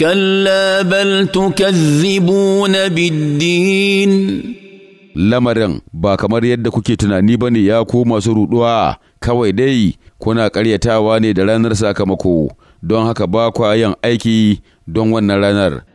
كلا بل تكذبون بالدين lamarin ba kamar yadda kuke tunani bane ne ya ku masu ruɗuwa kawai dai kuna ƙaryatawa ne da ranar sakamako don haka ba kwa yin aiki don wannan ranar